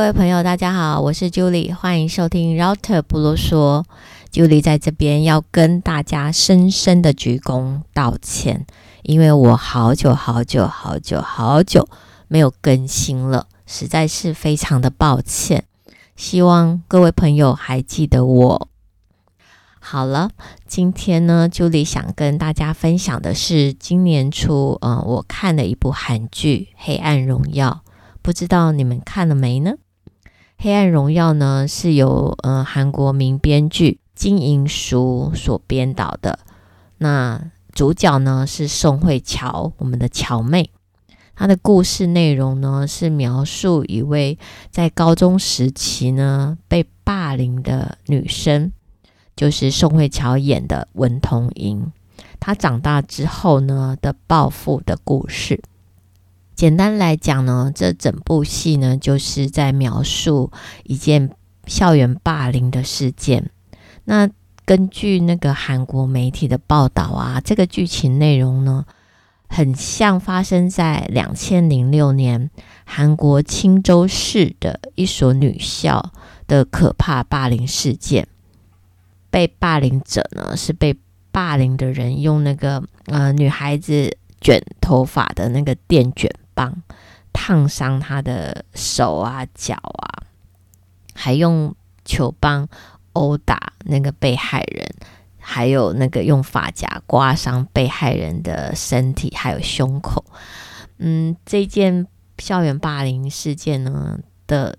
各位朋友，大家好，我是 Julie，歡迎收聽《Router 不囉嗦》。Julie 在這邊要跟大家深深的鞠躬道歉，因為我好久好久好久好久沒有更新了，實在是非常的抱歉。希望各位朋友還記得我。好了，今天呢，Julie 想跟大家分享的是今年初，呃，我看的一部韓劇《黑暗榮耀》，不知道你們看了沒呢？《黑暗榮耀》呢，是由呃韓國名編劇金銀淑所編導的。那主角呢是宋慧喬，我們的喬妹。她的故事內容呢是描述一位在高中時期呢被霸凌的女生，就是宋慧喬演的文童瑩。她長大之後呢的報復的故事。簡單來講呢，這整部戲呢就是在描述一件校園霸凌的事件。那根據那個韓國媒體的報道啊，這個劇情內容呢，很像發生在兩千零六年韓國青州市的一所女校的可怕霸凌事件。被霸凌者呢是被霸凌的人用那個呃女孩子捲頭髮的那個電捲。燙傷他的手啊、腳啊，還用球棒毆打那個被害人，還有那個用髮夾刮傷被害人的身體，還有胸口。嗯，這件校園霸凌事件呢的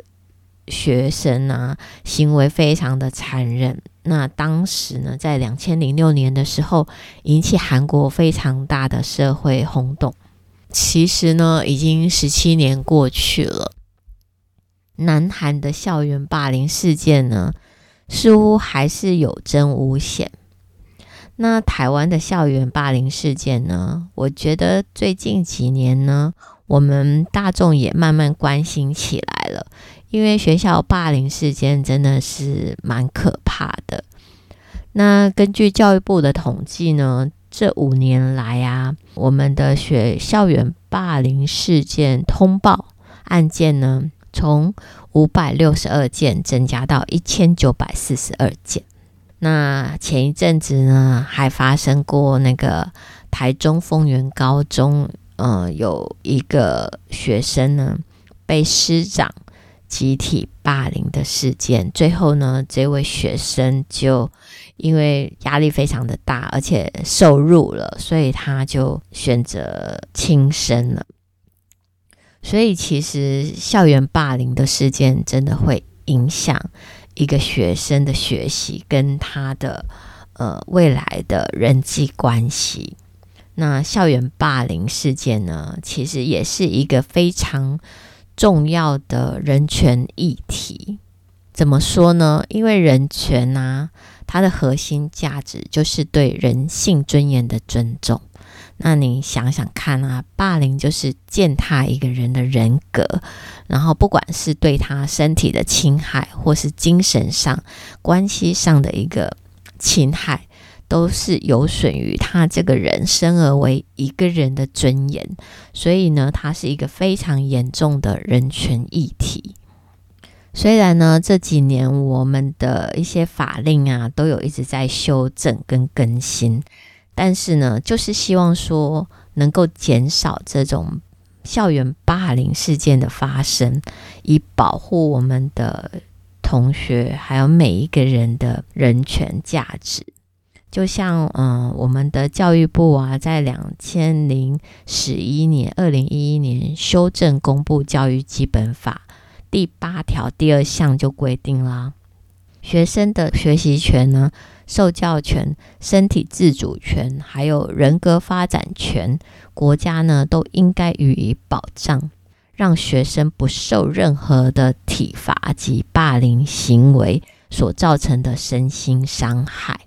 學生呢，行為非常的殘忍。那當時呢，在兩千零六年的時候，引起韓國非常大的社會轟動。其實呢，已經十七年過去了。南韓的校園霸凌事件呢，似乎還是有增無減。那台灣的校園霸凌事件呢，我覺得最近幾年呢，我們大眾也慢慢關心起來了，因為學校霸凌事件真的是蠻可怕的。那根據教育部的統計呢，這五年來啊。我們的學校園霸凌事件通報案件呢，從五百六十二件增加到一千九百四十二件。那前一陣子呢，還發生過那個台中豐原高中，呃，有一個學生呢被師長集體。霸凌的事件，最後呢，這位學生就因為壓力非常的大，而且受辱了，所以他就選擇輕生了。所以，其實校園霸凌的事件真的會影響一個學生的學習跟他的呃未來的人際關係。那校園霸凌事件呢，其實也是一個非常。重要的人權議題，怎麼說呢？因為人權啊，它的核心價值就是對人性尊嚴的尊重。那你想想看啊，霸凌就是踐踏一個人的人格，然後不管是對他身體的侵害，或是精神上、關係上的一個侵害。都是有損於他這個人生而為一個人的尊嚴，所以呢，他是一個非常嚴重的人權議題。雖然呢，這幾年我們的一些法令啊，都有一直在修正跟更新，但是呢，就是希望說能夠減少這種校園霸凌事件的發生，以保護我們的同學還有每一個人的人權價值。就像嗯，我們的教育部啊，在兩千零十一年、二零一一年修正公布《教育基本法》第八條第二項就規定啦，學生的學習權呢、受教權、身體自主權還有人格發展權，國家呢都應該予以保障，讓學生不受任何的體罰及霸凌行為所造成的身心傷害。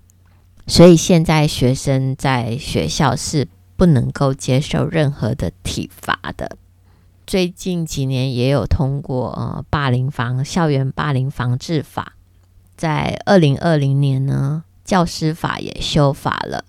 所以現在學生在學校是不能夠接受任何的體罰的。最近幾年也有通過《呃、霸凌防、校園霸凌防治法》。在二零二零年呢，教師法也修法了，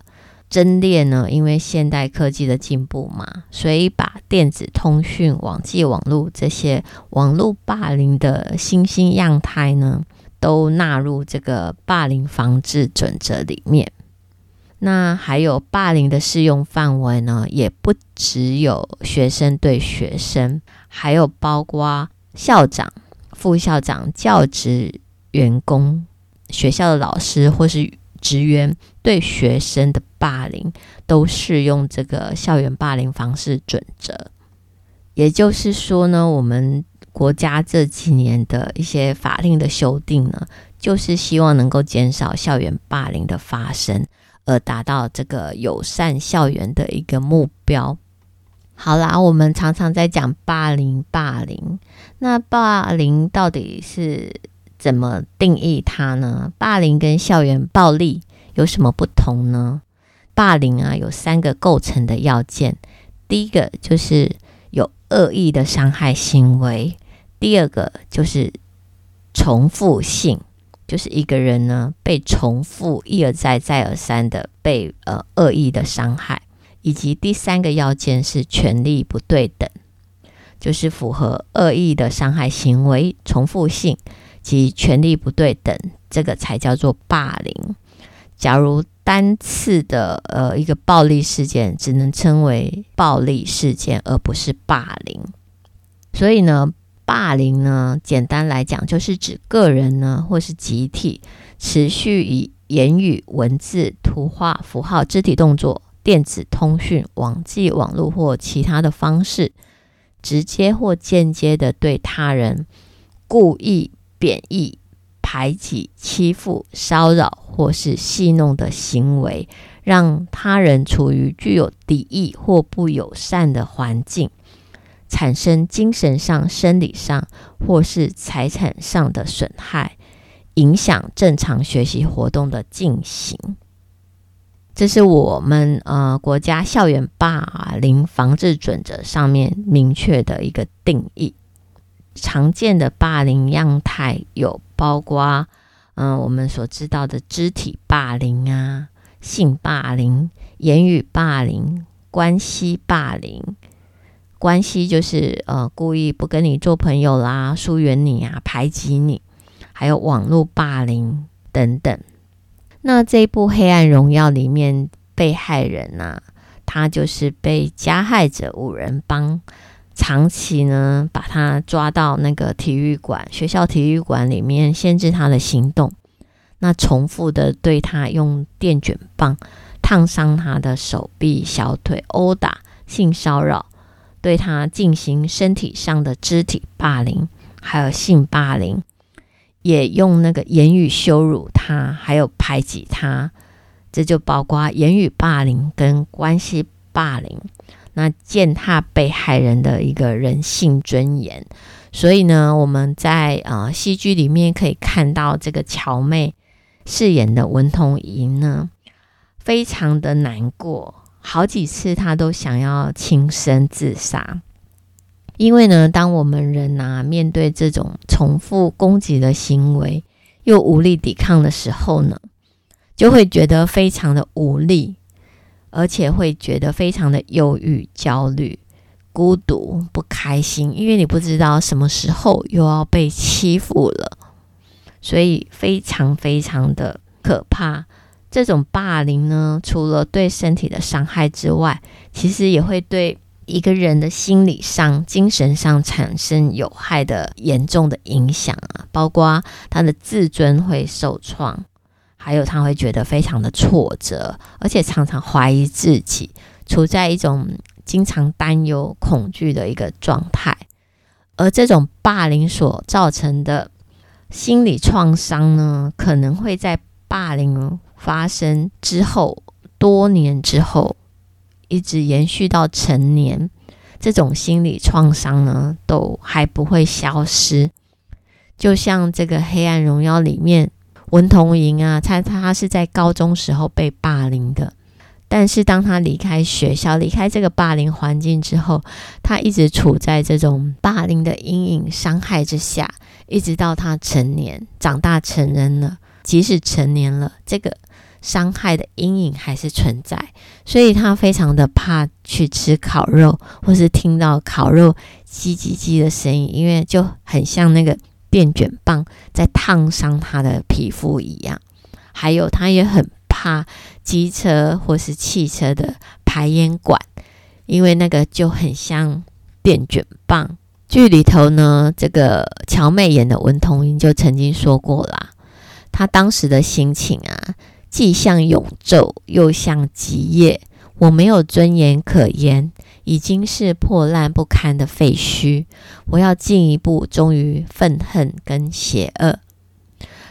增列呢，因為現代科技的進步嘛，所以把電子通訊、網際網絡這些網絡霸凌的新興樣態呢，都納入這個霸凌防治準則裡面。那還有霸凌的適用範圍呢？也不只有學生對學生，還有包括校長、副校長、教職員工、學校的老師或是職員對學生的霸凌都適用這個校園霸凌防治準則。也就是說呢，我們。國家這幾年的一些法令的修訂呢，就是希望能夠減少校園霸凌的發生，而達到這個友善校園的一個目標。好啦，我們常常在講霸凌，霸凌，那霸凌到底是怎麼定義它呢？霸凌跟校園暴力有什麼不同呢？霸凌啊，有三個構成的要件，第一個就是有惡意的傷害行為。第二個就是重複性，就是一個人呢被重複一而再、再而三的被呃惡意的傷害，以及第三個要件是權力不對等，就是符合惡意的傷害行為、重複性及權力不對等，這個才叫做霸凌。假如單次的呃一個暴力事件，只能稱為暴力事件，而不是霸凌。所以呢。霸凌呢，簡單來講，就是指個人呢，或是集體，持續以言語、文字、圖畫、符號、肢體動作、電子通訊、網際網絡或其他的方式，直接或間接的對他人故意貶抑、排擠、欺負、騷擾或是戲弄的行為，讓他人處於具有敵意或不友善的環境。產生精神上、生理上或是財產上的損害，影響正常學習活動的進行，這是我們呃國家校園霸凌防治準則上面明確的一個定義。常見的霸凌樣態有包括嗯、呃、我們所知道的肢體霸凌啊、性霸凌、言語霸凌、關係霸凌。關係就是呃故意不跟你做朋友啦，疏遠你啊，排擠你，還有網絡霸凌等等。那這一部《黑暗榮耀》裡面，被害人呢、啊、他就是被加害者五人幫長期呢把他抓到那個體育館學校體育館裡面，限制他的行動，那重複的對他用電捲棒燙傷他的手臂、小腿，毆打、性騷擾。對他進行身體上的肢體霸凌，還有性霸凌，也用那個言語羞辱他，還有排擠他，這就包括言語霸凌跟關係霸凌，那踐踏被害人的一個人性尊嚴。所以呢，我們在呃戲劇裡面可以看到，這個喬妹飾演的文同珢呢，非常的難過。好幾次，他都想要輕生自殺，因為呢，當我們人吶、啊、面對這種重複攻擊的行為，又無力抵抗的時候呢，就會覺得非常的無力，而且會覺得非常的憂鬱、焦慮、孤獨、不開心，因為你不知道什麼時候又要被欺負了，所以非常非常的可怕。這種霸凌呢，除了對身體的傷害之外，其實也會對一個人的心理上、精神上產生有害的嚴重的影響啊，包括他的自尊會受創，還有他會覺得非常的挫折，而且常常懷疑自己，處在一種經常擔憂、恐懼的一個狀態。而這種霸凌所造成的心理創傷呢，可能會在霸凌發生之後，多年之後，一直延續到成年，這種心理創傷呢，都還不會消失。就像這個《黑暗榮耀》裡面，文同瑩啊，他他是在高中時候被霸凌的，但是當他離開學校，離開這個霸凌環境之後，他一直處在這種霸凌的陰影傷害之下，一直到他成年，長大成人了，即使成年了，這個。傷害的陰影還是存在，所以他非常的怕去吃烤肉，或是聽到烤肉“唧唧唧”的聲音，因為就很像那個電卷棒在燙傷他的皮膚一樣。還有，他也很怕機車或是汽車的排煙管，因為那個就很像電卷棒。劇裡頭呢，這個喬妹演的文同英就曾經說過啦，他當時的心情啊。既像永晝，又像極夜。我沒有尊嚴可言，已經是破爛不堪的廢墟。我要進一步忠於憤恨跟邪惡。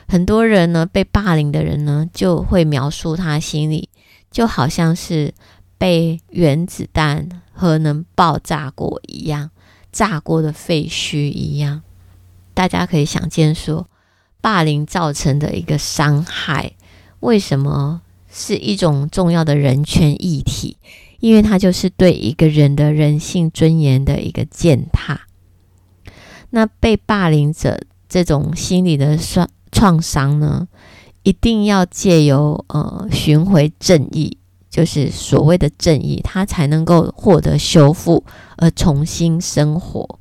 很多人呢，被霸凌的人呢，就會描述他心裡就好像是被原子彈核能爆炸過一樣，炸過的廢墟一樣。大家可以想見說，說霸凌造成的一個傷害。為什麼是一種重要的人權議題？因為它就是對一個人的人性尊嚴的一個踐踏。那被霸凌者這種心理的創創傷呢，一定要借由呃尋回正義，就是所謂的正義，他才能夠獲得修復而重新生活。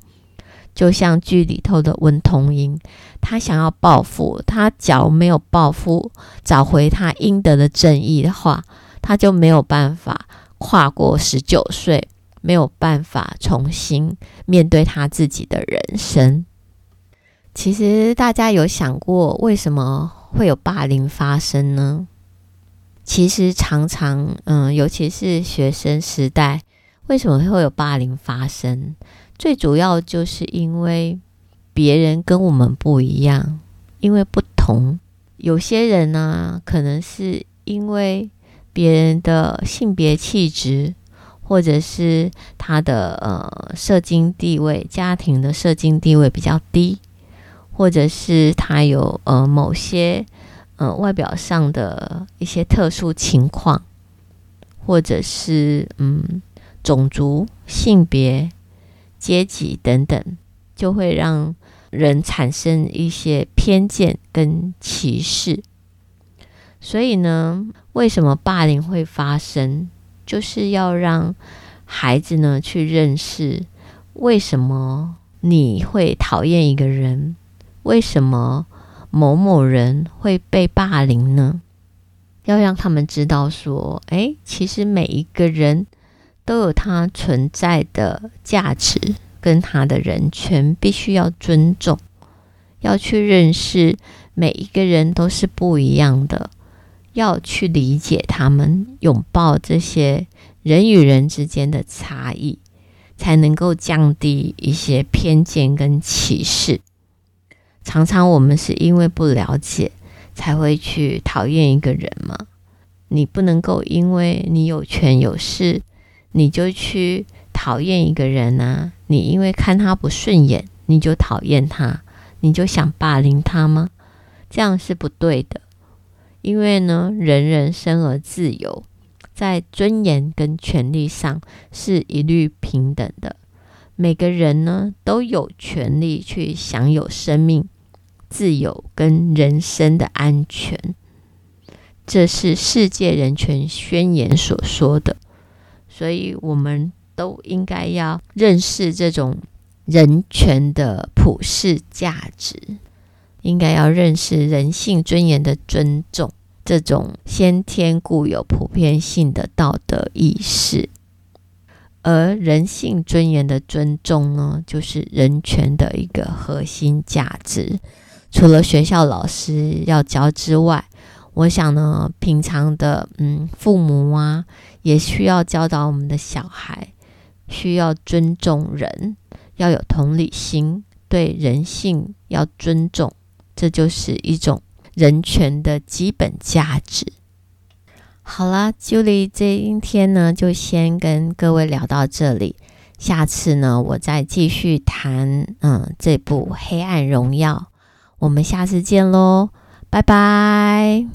就像劇裡頭的文同珢，他想要報復，他假如沒有報復，找回他應得的正義的話，他就沒有辦法跨過十九歲，沒有辦法重新面對他自己的人生。其實大家有想過，為什麼會有霸凌發生呢？其實常常，嗯，尤其是學生時代，為什麼會有霸凌發生？最主要就是因為別人跟我們不一樣，因為不同。有些人呢、啊，可能是因為別人的性別氣質，或者是他的呃社經地位，家庭的社經地位比較低，或者是他有呃某些呃外表上的一些特殊情況，或者是嗯種族性別。階級等等，就會讓人產生一些偏見跟歧視。所以呢，為什麼霸凌會發生？就是要讓孩子呢去認識，為什麼你會討厭一個人？為什麼某某人會被霸凌呢？要讓他們知道說，哎，其實每一個人。都有它存在的價值，跟它的人權必須要尊重，要去認識每一個人都是不一樣的，要去理解他們，擁抱這些人與人之間的差異，才能夠降低一些偏見跟歧視。常常我們是因為不了解，才會去討厭一個人嘛。你不能夠因為你有權有勢，你就去討厭一個人呢、啊？你因為看他不順眼，你就討厭他，你就想霸凌他嗎？這樣是不對的。因為呢，人人生而自由，在尊嚴跟權利上是一律平等的。每個人呢，都有權利去享有生命、自由跟人身的安全。這是世界人權宣言所說的。所以，我們都應該要認識這種人權的普世價值，應該要認識人性尊嚴的尊重，這種先天固有、普遍性的道德意識。而人性尊嚴的尊重呢，就是人權的一個核心價值。除了學校老師要教之外，我想呢，平常的嗯，父母啊，也需要教導我們的小孩，需要尊重人，要有同理心，對人性要尊重，這就是一種人權的基本價值。好啦，Julie，今天呢就先跟各位聊到這裡，下次呢我再繼續談嗯這部《黑暗榮耀》，我們下次見嘍，拜拜。